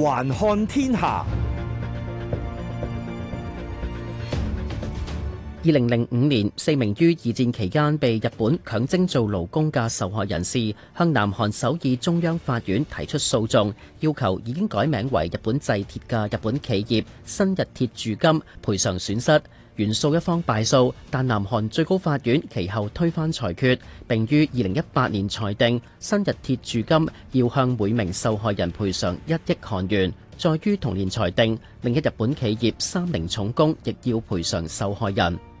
環看天下。二零零五年，四名於二戰期間被日本強徵做勞工嘅受害人士，向南韓首爾中央法院提出訴訟，要求已經改名為日本製鐵嘅日本企業新日鐵住金賠償損失。原訴一方敗訴，但南韓最高法院其後推翻裁決，並於二零一八年裁定新日鐵住金要向每名受害人賠償一億韓元。再於同年裁定，另一日本企業三菱重工亦要賠償受害人。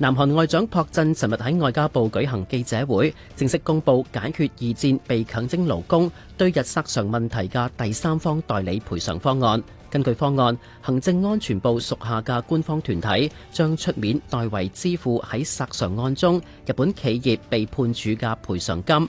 南韓外長朴振尋日喺外交部舉行記者會，正式公布解決二戰被強徵勞工對日索償問題嘅第三方代理賠償方案。根據方案，行政安全部屬下嘅官方團體將出面代為支付喺索償案中日本企業被判處嘅賠償金。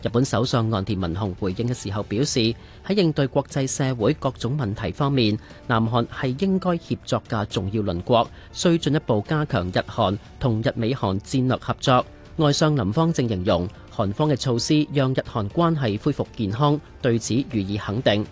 日本首相岸田文雄回應嘅時候表示，喺應對國際社會各種問題方面，南韓係應該協作嘅重要鄰國，需進一步加強日韓同日美韓戰略合作。外相林芳正形容，韓方嘅措施讓日韓關係恢復健康，對此予以肯定。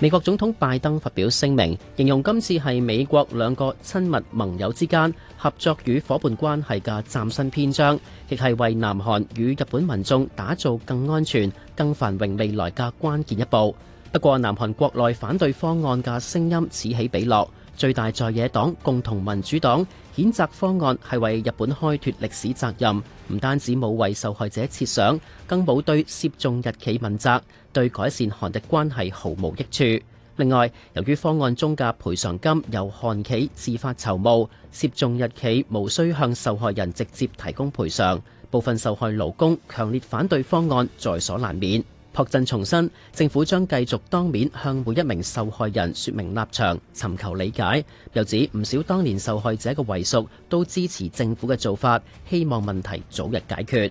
美國總統拜登發表聲明，形容今次係美國兩個親密盟友之間合作與夥伴關係嘅嶄新篇章，亦係為南韓與日本民眾打造更安全、更繁榮未來嘅關鍵一步。不過，南韓國內反對方案嘅聲音此起彼落。最大在野黨共同民主黨譴責方案係為日本開脫歷史責任，唔單止冇為受害者設想，更冇對涉眾日企問責，對改善韓日關係毫無益處。另外，由於方案中嘅賠償金由韓企自發籌募，涉眾日企無需向受害人直接提供賠償，部分受害勞工強烈反對方案在所難免。朴振重申，政府將繼續當面向每一名受害人説明立場，尋求理解。又指唔少當年受害者嘅遺屬都支持政府嘅做法，希望問題早日解決。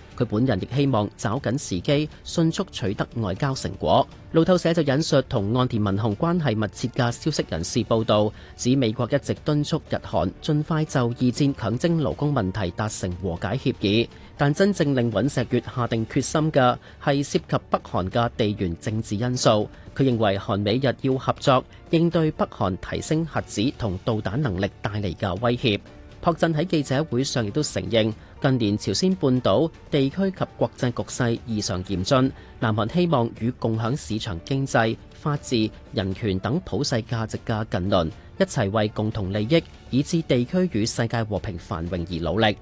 佢本人亦希望找緊時機，迅速取得外交成果。路透社就引述同岸田文雄關係密切嘅消息人士報道，指美國一直敦促日韓盡快就二戰強徵勞工問題達成和解協議。但真正令尹錫悅下定決心嘅係涉及北韓嘅地緣政治因素。佢認為韓美日要合作應對北韓提升核子同導彈能力帶嚟嘅威脅。朴振喺記者會上亦都承認，近年朝鮮半島地區及國際局勢異常嚴峻，南韓希望與共享市場經濟、法治、人權等普世價值嘅近鄰一齊為共同利益以至地區與世界和平繁榮而努力。